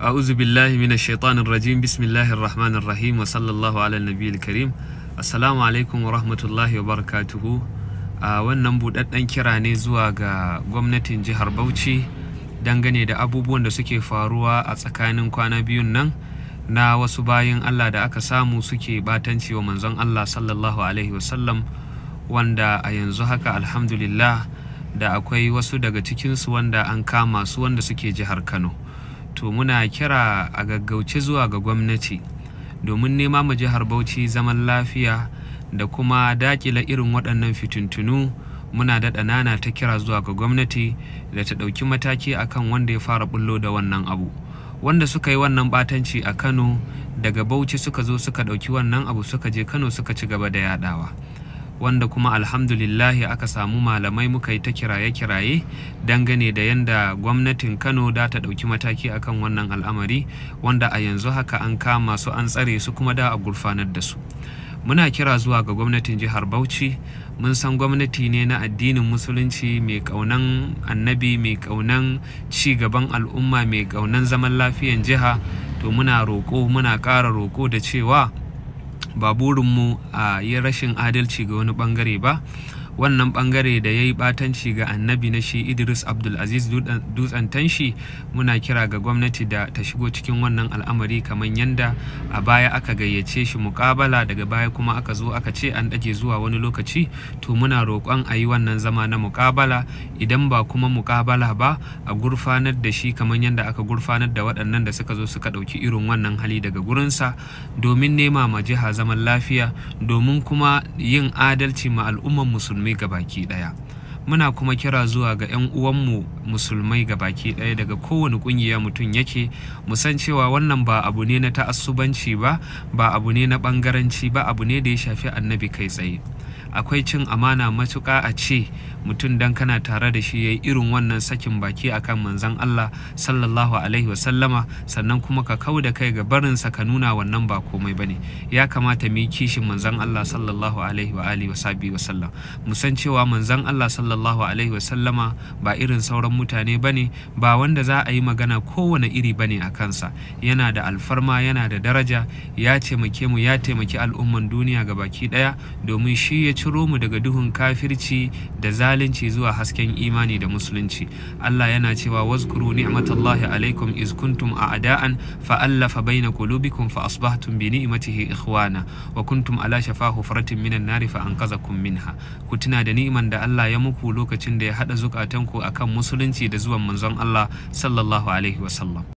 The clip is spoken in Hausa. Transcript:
أعوذ بالله من الشيطان الرجيم بسم الله الرحمن الرحيم وصلى الله على النبي الكريم السلام عليكم ورحمة الله وبركاته wannan buɗaɗɗen kira ne zuwa ga gwamnatin jihar Bauchi dangane da abubuwan da suke faruwa a tsakanin kwana biyun nan na wasu bayan Allah da aka samu suke batanci wa manzon Allah sallallahu alaihi wasallam wanda a yanzu haka alhamdulillah da akwai wasu daga cikinsu wanda an kama su wanda suke jihar Kano. to muna kira a gaggauce zuwa ga gwamnati domin nema mu jihar bauchi zaman lafiya da kuma dakila irin waɗannan fitintunu muna daɗa nana ta kira zuwa ga gwamnati da ta ɗauki mataki akan wanda ya fara bullo da wannan abu wanda suka yi wannan batanci a kano daga bauchi suka zo suka ɗauki wannan abu suka je kano suka ci gaba da yaɗawa wanda kuma alhamdulillah aka samu malamai muka yi ta kiraye-kiraye dangane da yadda gwamnatin kano da ta ɗauki mataki akan wannan al'amari wanda a yanzu haka an kama su an tsare su kuma da a gurfanar da su muna kira zuwa ga gwamnatin jihar bauchi mun san gwamnati ne na addinin musulunci mai kaunan annabi mai kaunan gaban al'umma mai kaunan zaman lafiyan jiha to muna roko muna ƙara roko da cewa ba burinmu a yi rashin adalci ga wani bangare ba wannan bangare da ya yi batanci ga annabi na shi idris abdulaziz dutsen tanshi muna kira ga gwamnati da ta shigo cikin wannan al'amari kamar yanda a baya aka gayyace shi mukabala daga baya kuma aka zo aka ce an ɗage zuwa wani lokaci to muna roƙon a yi wannan zama na mukabala idan ba kuma mukabala ba a gurfanar da shi kamar yadda aka gurfanar da waɗannan da suka zo suka ɗauki irin wannan hali daga gurinsa domin nema ma jiha zaman lafiya domin kuma yin adalci ma al'umman musulmi musulmai gabaki ɗaya muna kuma kira zuwa ga 'yan uwanmu musulmai gabaki daya daga kowane ƙungiya mutum yake mu san cewa wannan ba abu ne na ta'assubanci ba ba abu ne na bangaranci ba abu ne da ya shafi annabi kai tsaye akwai cin amana matuƙa a ce mutum dan kana tare da shi ya yi irin wannan sakin baki akan manzan Allah sallallahu alaihi wasallama sannan kuma ka kawo da kai ga barinsa ka nuna wannan ba komai bane ya kamata mu yi kishin manzan Allah sallallahu alaihi wa alihi wasabi wasallam mu san cewa manzan Allah sallallahu alaihi wasallama ba irin sauran mutane bane ba wanda za a yi magana kowane iri bane a kansa yana da alfarma yana da daraja ya taimake mu ya taimaki al'umman duniya ga baki daya domin shi ya ciro mu daga duhun kafirci da zalunci zuwa hasken imani da musulunci Allah yana cewa wazkuru ni'matallahi alaikum iz a a'da'an fa allafa baina qulubikum fa asbahtum bi ni'matihi ikhwana wa kuntum ala shafa hufratin minan nari fa anqazakum minha ku tuna da ni'iman da Allah ya muku lokacin da ya hada zukatanku akan musulunci da zuwan manzon Allah sallallahu alaihi wa sallam.